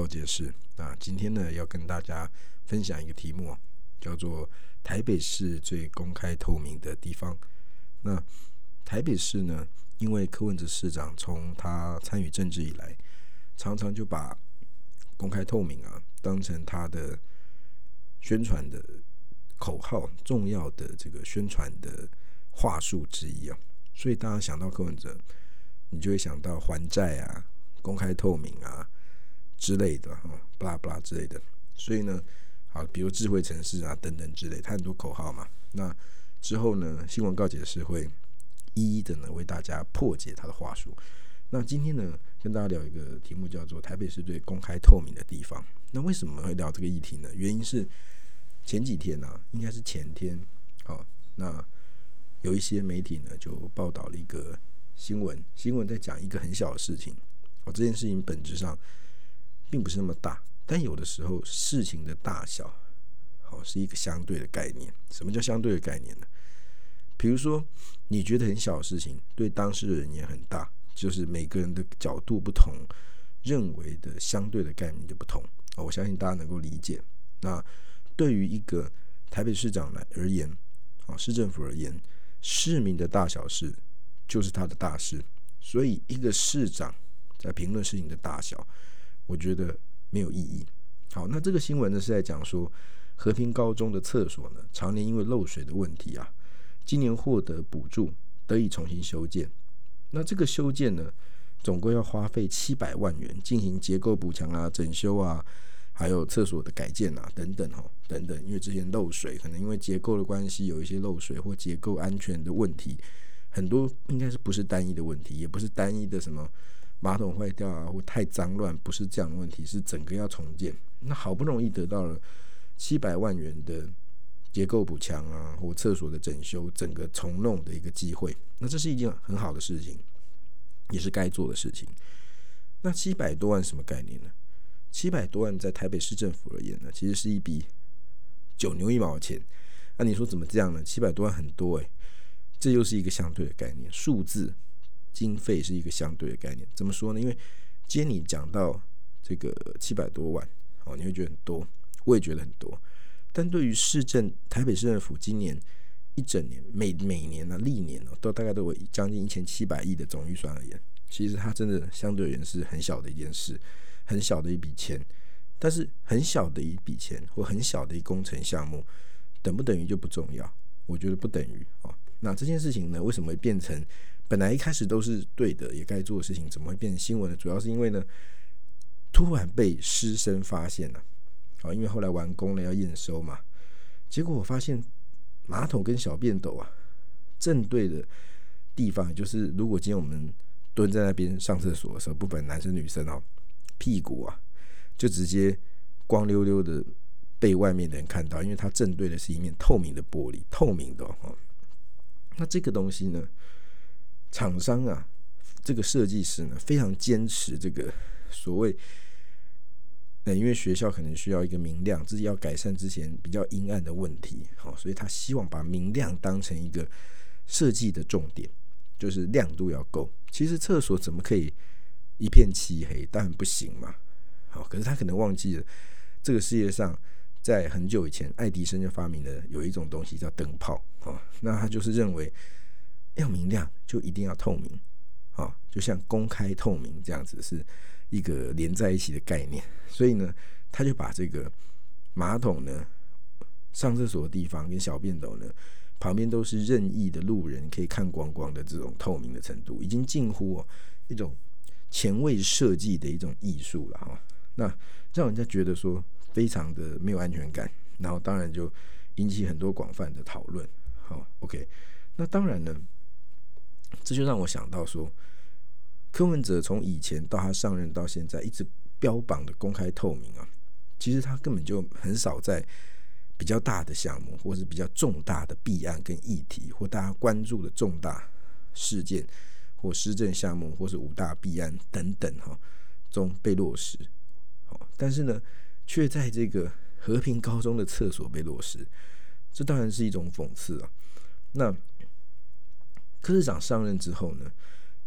告解室啊，今天呢要跟大家分享一個題目，叫做台北市最公開透明的地方。那台北市呢，因為柯文哲市長從他參與政治以來，常常就把公開透明啊當成他的宣傳的口號，重要的這個宣傳的話術之一啊。所以大家想到柯文哲，你就會想到還債啊，公開透明啊。之類的，哈、哦，巴拉巴拉之類的，所以呢，好，比如智慧城市啊，等等之類，它很多口號嘛。那之後呢，新聞告解室會一一的呢為大家破解他的話術。那今天呢，跟大家聊一個題目，叫做台北市最公開透明的地方。那為什麼會聊這個議題呢？原因是前幾天呢、啊，應該是前天，好、哦，那有一些媒體呢就報道了一個新聞，新聞在講一個很小的事情，我、哦、這件事情本質上。並不是那麼大，但有的時候事情的大小，好，是一個相對的概念。什麼叫相對的概念呢？比如說，你覺得很小的事情，對當事人也很大，就是每個人的角度不同，認為的相對的概念就不同。我相信大家能夠理解。那對於一個台北市長來而言，啊，市政府而言，市民的大小事就是他的大事。所以，一個市長在評論事情的大小。我覺得沒有意義。好，那這個新聞呢是在講說，和平高中的廁所呢，常年因為漏水的問題啊，今年獲得補助，得以重新修建。那這個修建呢，總歸要花費七百萬元進行結構補強啊、整修啊，還有廁所的改建啊等等哦，等等。因為之前漏水，可能因為結構的關係有一些漏水或結構安全的問題，很多應該是不是單一的問題，也不是單一的什麼。馬桶壞掉啊，或太髒亂，不是這樣的問題，是整個要重建。那好不容易得到了七百萬元的結構補強啊，或廁所的整修，整個重弄的一個機會，那這是一件很好的事情，也是該做的事情。那七百多萬什麼概念呢？七百多萬在台北市政府而言呢，其實是一筆九牛一毛錢。那你說怎麼這樣呢？七百多萬很多誒、欸，這就是一個相對的概念，數字。經費是一個相對的概念，怎麼說呢？因為今天你講到這個七百多萬哦，你會覺得很多，我也覺得很多。但對於市政台北市政府今年一整年每每年呢、啊，歷年哦、喔，都大概都有將近一千七百億的總預算而言，其實它真的相對而言是很小的一件事，很小的一筆錢。但是很小的一筆錢或很小的一工程項目，等不等於就不重要？我覺得不等於哦、喔。那這件事情呢，為什麼會變成？本來一開始都是對的，也該做的事情，怎麼會變成新聞呢？主要是因為呢，突然被師生發現了。啊，因為後來完工了要驗收嘛，結果我發現馬桶跟小便斗啊，正對的地方，就是如果今天我們蹲在那邊上廁所的時候，不管男生女生哦，屁股啊，就直接光溜溜的被外面的人看到，因為它正對的是一面透明的玻璃，透明的哦。那這個東西呢？廠商啊，這個設計師呢，非常堅持這個所謂，因為學校可能需要一個明亮，自己要改善之前比較陰暗的問題，好，所以他希望把明亮當成一個設計的重點，就是亮度要夠。其實廁所怎麼可以一片漆黑？當然不行嘛。好，可是他可能忘記了，這個世界上在很久以前，愛迪生就發明了有一種東西叫燈泡。那他就是認為。要明亮，就一定要透明，啊、哦，就像公開透明這樣子，是一個連在一起的概念。所以呢，他就把這個馬桶呢，上廁所的地方跟小便斗呢，旁邊都是任意的路人可以看光光的這種透明的程度，已經近乎、哦、一種前衛設計的一種藝術了、哦，哈。那讓人家覺得說非常的沒有安全感，然後當然就引起很多廣泛的討論。好、哦，OK，那當然呢。這就讓我想到說，柯文哲從以前到他上任到現在，一直標榜的公開透明啊，其實他根本就很少在比較大的項目，或是比較重大的弊案跟議題，或大家關注的重大事件，或施政項目，或是五大弊案等等哈、啊、中被落實。好，但是呢，卻在這個和平高中的廁所被落實，這當然是一種諷刺啊。那。柯市長上任之後呢，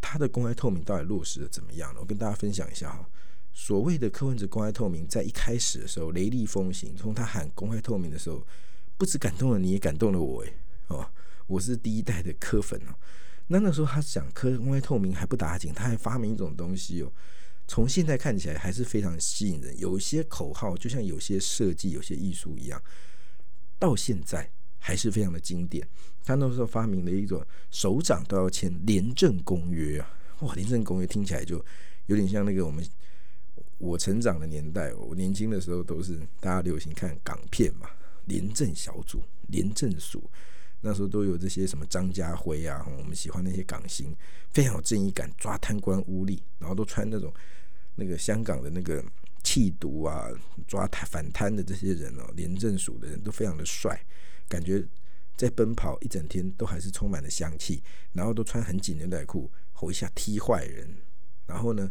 他的公開透明到底落實的怎麼樣了？我跟大家分享一下哈、哦。所謂的柯文哲公開透明，在一開始的時候雷厲風行，從他喊公開透明的時候，不止感動了你，也感動了我哎，哦，我是第一代的柯粉哦。那那時候他講柯，公開透明還不打緊，他還發明一種東西哦。從現在看起來還是非常吸引人。有些口號就像有些設計、有些藝術一樣，到現在。還是非常的經典。他那時候發明了一種首長都要簽《廉政公約》啊！哇，《廉政公約》聽起來就有點像那個我們我成長的年代。我年輕的時候都是大家流行看港片嘛，《廉政小組》《廉政署》，那時候都有這些什麼張家輝啊，我們喜歡那些港星，非常有正義感，抓貪官污吏，然後都穿那種那個香港的那個氣度啊，抓貪反貪的這些人哦，《廉政署》的人都非常的帥。感覺在奔跑一整天都還是充滿了香氣，然後都穿很緊牛仔褲，吼一下踢壞人，然後呢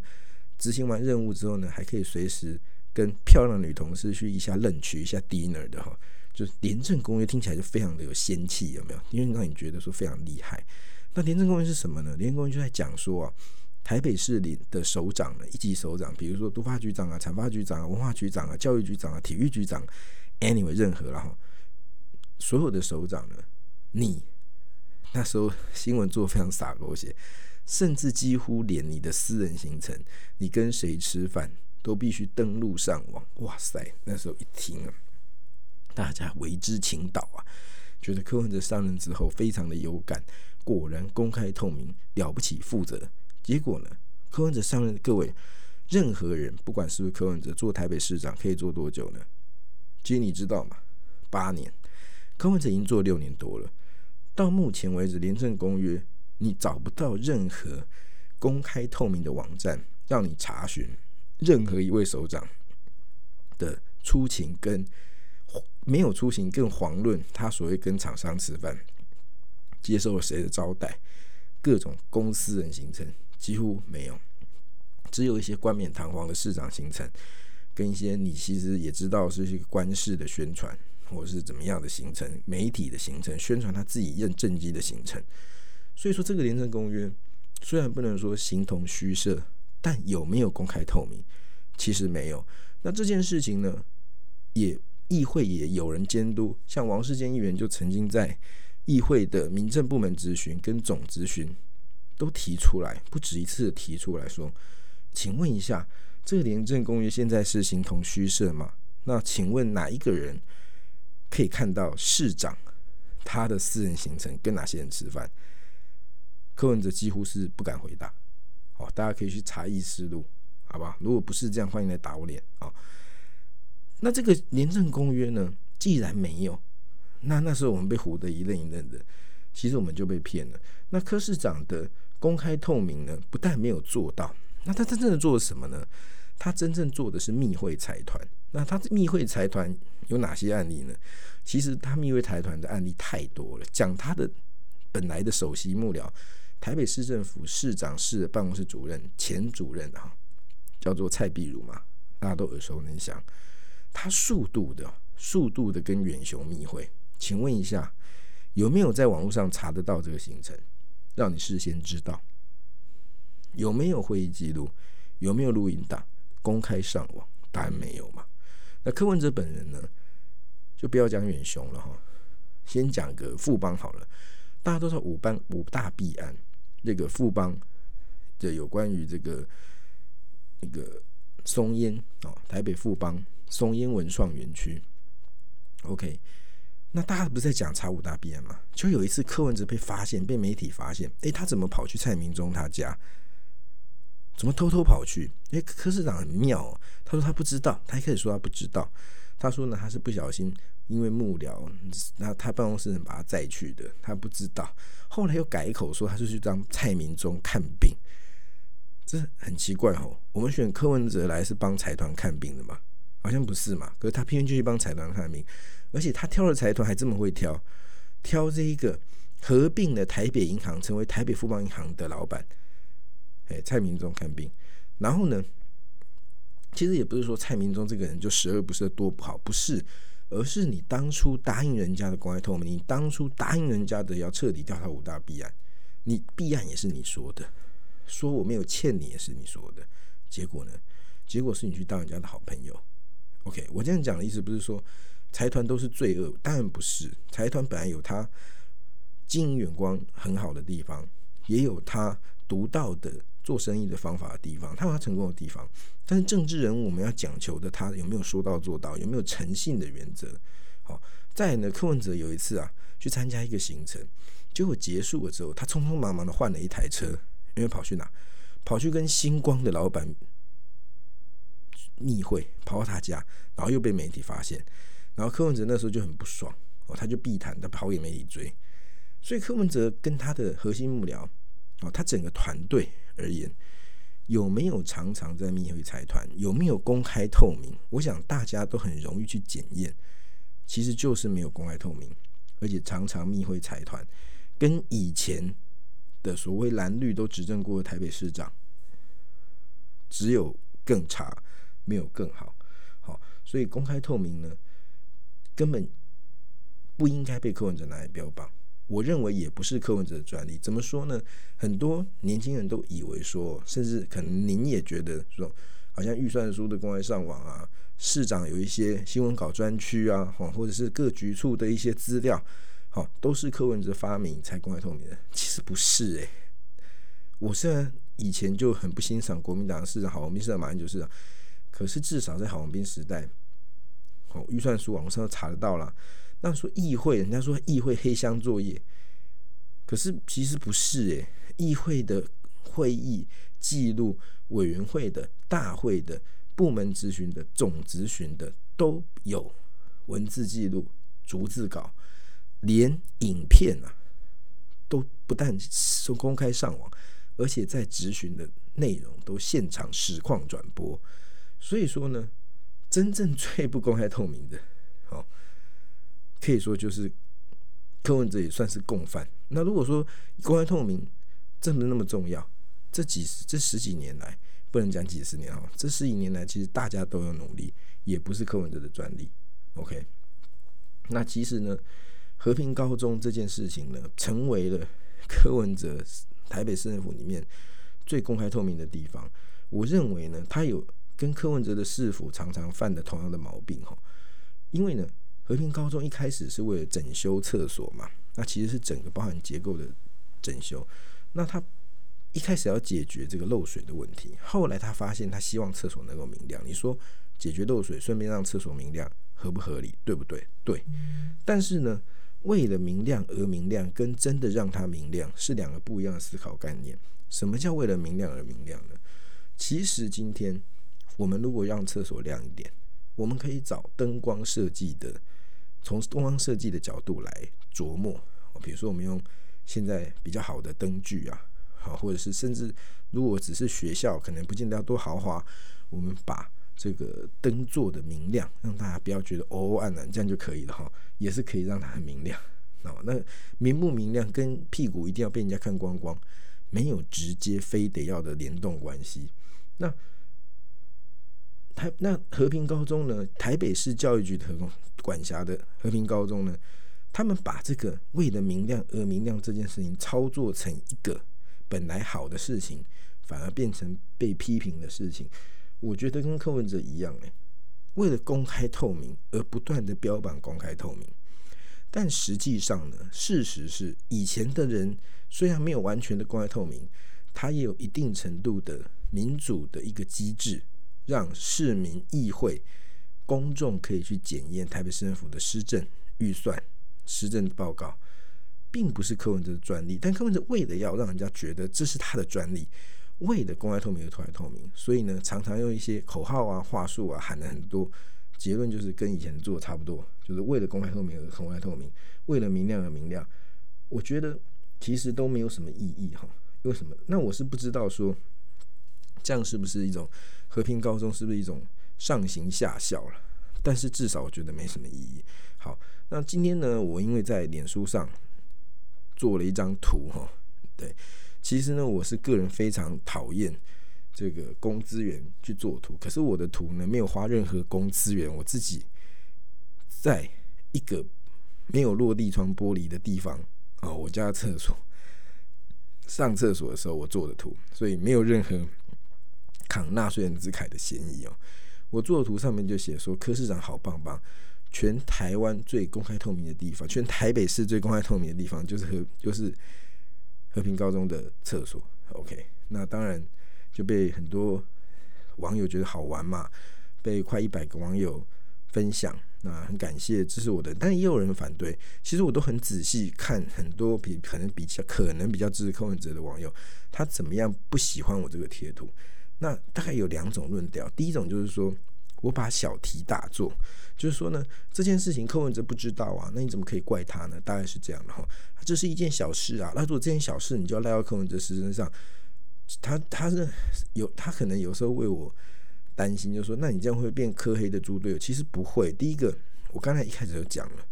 執行完任務之後呢，還可以隨時跟漂亮女同事去一下 lunch 去一下 dinner 的哈、哦，就是廉政公約聽起來就非常的有仙氣，有沒有？因為讓你覺得說非常厲害。那廉政公約是什麼呢？廉政公約就在講說啊、哦，台北市裡的首長呢，一級首長，比如說都發局長啊、產發局長啊、文化局長啊、教育局長啊、體育局長,、啊、體育局長，anyway 任何了哈、哦。所有的首長呢，你那時候新聞做得非常灑狗血，甚至幾乎連你的私人行程、你跟誰吃飯都必須登錄上網。哇塞！那時候一聽啊，大家為之傾倒啊，覺得柯文哲上任之後非常的有感，果然公開透明，了不起負責。結果呢，柯文哲上任，各位任何人不管是不是柯文哲做台北市長，可以做多久呢？其實你知道嗎？八年。柯文哲已經做六年多了，到目前為止，廉政公約你找不到任何公開透明的網站讓你查詢任何一位首長的出勤跟沒有出勤，更遑論他所謂跟廠商吃飯、接受了誰的招待、各種公司人行程幾乎沒有，只有一些冠冕堂皇的市長行程，跟一些你其實也知道是些官式的宣傳。或者是怎麼樣的行程，媒體的行程宣傳他自己任政績的行程，所以說這個廉政公約雖然不能說形同虛設，但有沒有公開透明，其實沒有。那這件事情呢，也議會也有人監督，像王世堅議員就曾經在議會的民政部門諮詢跟總諮詢都提出來，不止一次的提出來說，請問一下，這個廉政公約現在是形同虛設嗎？那請問哪一個人？.可以看到市長他的私人行程跟哪些人吃飯，柯文哲幾乎是不敢回答。哦，大家可以去查議事錄，好吧？如果不是這樣，歡迎來打我臉啊！那這個廉政公約呢？既然沒有，那那時候我們被唬得一愣一愣的，其實我們就被騙了。那柯市長的公開透明呢，不但沒有做到，那他真正的做了什麼呢？他真正做的是密會財團。那他密會財團有哪些案例呢？其實他密會財團的案例太多了。講他的本來的首席幕僚，臺北市政府市長室的辦公室主任前主任啊，叫做蔡壁如嘛，大家都耳熟能詳。他速度的速度的跟遠雄密會，請問一下，有沒有在網絡上查得到這個行程？讓你事先知道，有沒有會議記錄，有沒有錄音檔？公開上網，答案沒有嘛。那柯文哲本人呢，就不要講遠雄了哈、哦，先講個富邦好了。大家都知道五班五大弊案，那、這個富邦的有關於這個那、這個松菸、哦、台北富邦松菸文創園區。OK，那大家不是在講查五大弊案嘛？就有一次柯文哲被發現，被媒體發現，哎，他怎麼跑去蔡明忠他家？怎麼偷偷跑去？哎、欸，柯市長很妙，啊，他說他不知道，他一開始說他不知道，他說呢他是不小心，因為幕僚，那他辦公室人把他載去的，他不知道。後來又改口說他是去當蔡明忠看病，這很奇怪哦。我們選柯文哲來是幫財團看病的嘛？好像不是嘛？可是他偏偏就去幫財團看病，而且他挑了財團還這麼會挑，挑這一個合併了台北銀行成為台北富邦銀行的老板。給蔡明忠看病，然後呢？其實也不是說蔡明忠這個人就十惡不赦多不好，不是，而是你當初答應人家的公開透明，你當初答應人家的要徹底調查五大弊案，你弊案也是你說的，說我沒有欠你也是你說的，結果呢？結果是你去當人家的好朋友。OK，我這樣講的意思不是說財團都是罪惡，當然不是，財團本來有他經營眼光很好的地方，也有他獨到的。做生意的方法的地方，他有他成功的地方，但是政治人我們要講求的，他有沒有說到做到，有沒有誠信的原則？好、哦，再呢，柯文哲有一次啊，去參加一個行程，結果結束了之後，他匆匆忙忙的換了一台車，因為跑去哪？跑去跟星光的老闆密會，跑到他家，然後又被媒體發現，然後柯文哲那時候就很不爽哦，他就避談，他跑給媒體追，所以柯文哲跟他的核心幕僚，哦，他整個團隊。而言，有沒有常常在密會財團？有沒有公開透明？我想大家都很容易去檢驗，其實就是沒有公開透明，而且常常密會財團跟以前的所謂藍綠都執政過的台北市長，只有更差，沒有更好。好，所以公開透明呢，根本不應該被柯文哲拿來標榜。我認為也不是柯文哲的專利，怎麼說呢？很多年輕人都以為說，甚至可能您也覺得說，好像預算書的公開上網啊，市長有一些新聞稿專區啊，或者是各局處的一些資料，好，都是柯文哲發明才公開透明的。其實不是誒、欸，我雖然以前就很不欣賞國民黨市長郝龍斌現在馬英九市長，可是至少在郝龍斌時代，好，預算書網絡上查得到啦。那說議會，人家說議會黑箱作業，可是其實不是誒，議會的會議記錄、委員會的大會的部門質詢的總質詢的都有文字記錄、逐字稿，連影片啊都不但公開上網，而且在質詢的內容都現場實況轉播。所以說呢，真正最不公開透明的，好、哦。可以說就是柯文哲也算是共犯。那如果說公開透明真的那麼重要，這幾十這十幾年來，不能講幾十年啊，這十幾年來其實大家都有努力，也不是柯文哲的專利。OK，那其實呢，和平高中這件事情呢，成為了柯文哲台北市政府裡面最公開透明的地方。我認為呢，他有跟柯文哲的市府常常犯的同樣的毛病哈，因為呢。和平高中一開始是為了整修廁所嘛，那其實是整個包含結構的整修。那他一開始要解決這個漏水的問題，後來他發現他希望廁所能夠明亮。你說解決漏水，順便讓廁所明亮，合不合理？對不對？對。嗯。但是呢，為了明亮而明亮，跟真的讓它明亮是兩個不一樣的思考概念。什麼叫為了明亮而明亮呢？其實今天我們如果讓廁所亮一點，我們可以找燈光設計的。從東方設計的角度來琢磨，比如說我們用現在比較好的燈具啊，好，或者是甚至如果只是學校，可能不見得要多豪華，我們把這個燈做的明亮，讓大家不要覺得哦黯然，這樣就可以了哈，也是可以讓它很明亮，那明不明亮跟屁股一定要被人家看光光，沒有直接非得要的聯動關係，那。台那和平高中呢？台北市教育局的管轄的和平高中呢？他們把這個為了明亮而明亮這件事情操作成一個本來好的事情，反而變成被批評的事情。我覺得跟柯文哲一樣，哎，為了公開透明而不斷的標榜公開透明，但實際上呢，事實是以前的人雖然沒有完全的公開透明，他也有一定程度的民主的一個機制。讓市民、議會、公眾可以去檢驗台北市政府的施政預算、施政報告，並不是柯文哲的專利。但柯文哲為了要讓人家覺得這是他的專利，為了公開透明而透明透明，所以呢，常常用一些口號啊、話術啊喊得很多，結論，就是跟以前做的差不多，就是為了公開透明而公開透明，為了明亮而明亮。我覺得其實都沒有什麼意義哈。為什麼？那我是不知道說。這樣是不是一種和平高中是不是一種上行下效了？但是至少我覺得沒什麼意義。好，那今天呢？我因為在臉書上做了一張圖哈。對，其實呢，我是個人非常討厭這個公資源去做圖。可是我的圖呢，沒有花任何公資源，我自己在一個沒有落地窗玻璃的地方啊，我家廁所上廁所的時候我做的圖，所以沒有任何。慷納稅人之慨的嫌疑哦，我做的圖上面就寫說柯市長好棒棒，全台灣最公開透明的地方，全台北市最公開透明的地方就是和就是和平高中的廁所。OK，那當然就被很多網友覺得好玩嘛，被快一百個網友分享。那很感謝支持我的，但也有人反對。其實我都很仔細看很多比可能比較可能比較支持柯文哲的網友，他怎麼樣不喜歡我這個貼圖？那大概有兩種論調，第一種就是說，我把小題大做，就是說呢，這件事情柯文哲不知道啊，那你怎麼可以怪他呢？大概是這樣的哈，這是一件小事啊，那如果這件小事你就要賴到柯文哲身上，他他是有，他可能有時候為我擔心，就是說，那你這樣會變柯黑的豬隊友，其實不會。第一個，我剛才一開始就講了，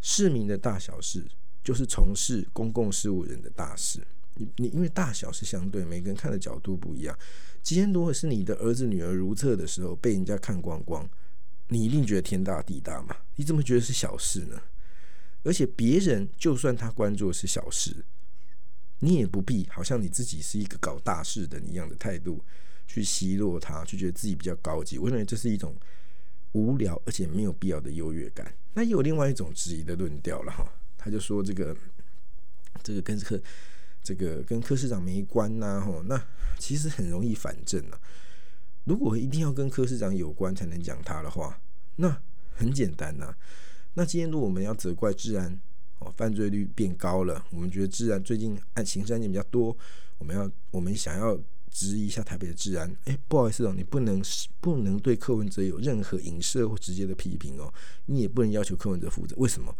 市民的大小事，就是從事公共事務人的大事。你你因為，大小是相對，每個人看的角度不一樣。今天如果是你的兒子女兒如廁的時候被人家看光光，你一定覺得天大地大嘛？你怎麼覺得是小事呢？而且別人就算他關注的是小事，你也不必好像你自己是一個搞大事的一樣的態度去奚落他，去覺得自己比較高級。我認為這是一種無聊而且沒有必要的優越感。那有另外一種質疑的論調了哈，他就說這個這個跟這個。這個跟柯市長沒關吶，啊，那其實很容易反證，啊，如果一定要跟柯市長有關才能講他的話，那很簡單吶，啊。那今天如果我們要責怪治安哦，犯罪率變高了，我們覺得治安最近案刑事案件比較多，我們要我們想要質疑一下台北的治安，哎，不好意思哦，你不能不能對柯文哲有任何影射或直接的批評哦，你也不能要求柯文哲負責，為什麼？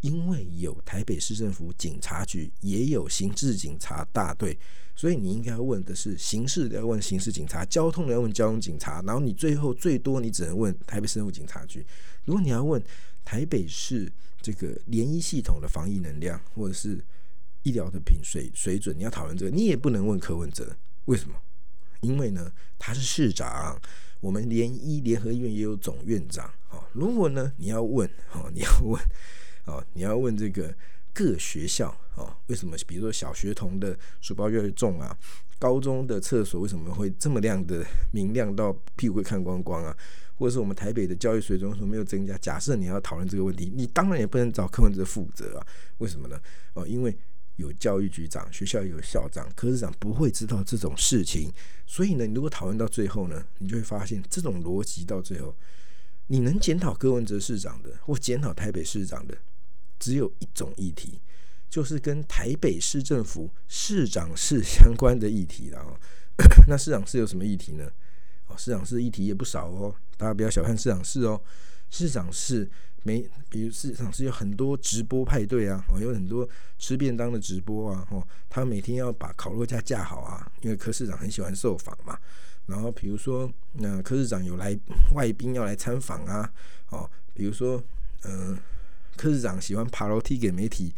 因為有台北市政府警察局，也有刑事警察大隊，所以你應該問的是刑事，要問刑事警察；交通要問交通警察。然後你最後最多你只能問台北市政府警察局。如果你要問台北市這個聯醫系統的防疫能量，或者是醫療的品水水準，你要討論這個，你也不能問柯文哲。為什麼？因為呢，他是市長。我們聯醫聯合醫院也有總院長。好，如果呢你要問，好，你要問。你要問哦，你要問這個各學校哦，為什麼比如說小學童的書包越來越重啊？高中的廁所為什麼會這麼亮的明亮到屁股會看光光啊？或者是我們台北的教育水準是沒有增加？假設你要討論這個問題，你當然也不能找柯文哲負責啊？為什麼呢？哦，因為有教育局長、學校有校長、科室長不會知道這種事情，所以呢，你如果討論到最後呢，你就會發現這種邏輯到最後，你能檢討柯文哲市長的，或檢討台北市長的？只有一種議題，就是跟台北市政府市長室相關的議題了啊。。 那市長室有什麼議題呢？哦，市長室議題也不少哦。大家不要小看市長室哦。市長室沒，比如市長室有很多直播派對啊，哦，有很多吃便當的直播啊。哦，他每天要把烤肉架架好啊，因為柯市長很喜歡受訪嘛。然後，比如說，那柯市長有來外賓要來參訪啊。哦，比如說，嗯、呃。柯市長喜歡爬樓梯給媒體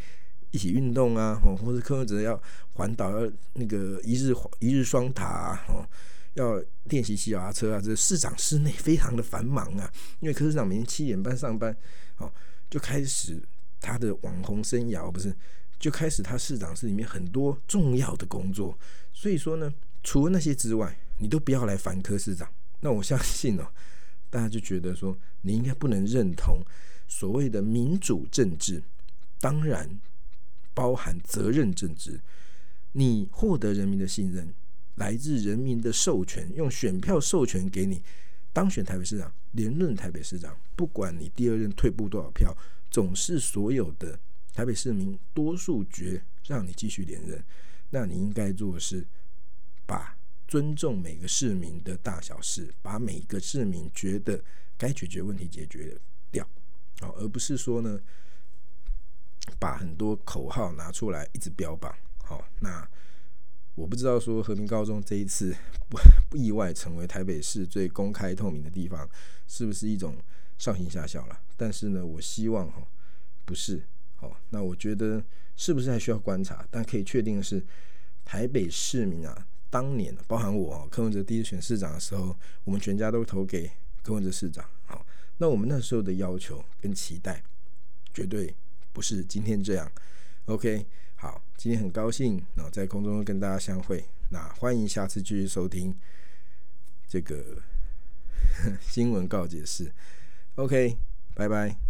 一起運動啊，哦，或者柯文哲要環島要那個一日一日雙塔哦、啊，要練習騎腳踏車啊，這個、市長室內非常的繁忙啊，因為柯市長每天七點半上班哦，就開始他的網紅生涯，不是，就開始他市長室裡面很多重要的工作，所以說呢，除了那些之外，你都不要來煩柯市長。那我相信哦，大家就覺得說你應該不能認同。所謂的民主政治，當然包含責任政治。你獲得人民的信任，來自人民的授權，用選票授權給你當選台北市長，連任台北市長，不管你第二任退步多少票，總是所有的台北市民多數決讓你繼續連任。那你應該做的是，把尊重每個市民的大小事，把每個市民覺得該解決問題解決的。哦，而不是說呢，把很多口號拿出來一直標榜。好，那我不知道說和平高中這一次不，不意外成為台北市最公開透明的地方，是不是一種上行下效了？但是呢，我希望哈、哦、不是。好、哦，那我覺得是不是還需要觀察？但可以確定的是，台北市民啊，當年包含我柯、哦、文哲第一次選市長的時候，我們全家都投給柯文哲市長。那我們那時候的要求跟期待，絕對不是今天這樣。OK，好，今天很高興啊，在空中跟大家相會。那歡迎下次繼續收聽這個新聞告解室。OK，拜拜。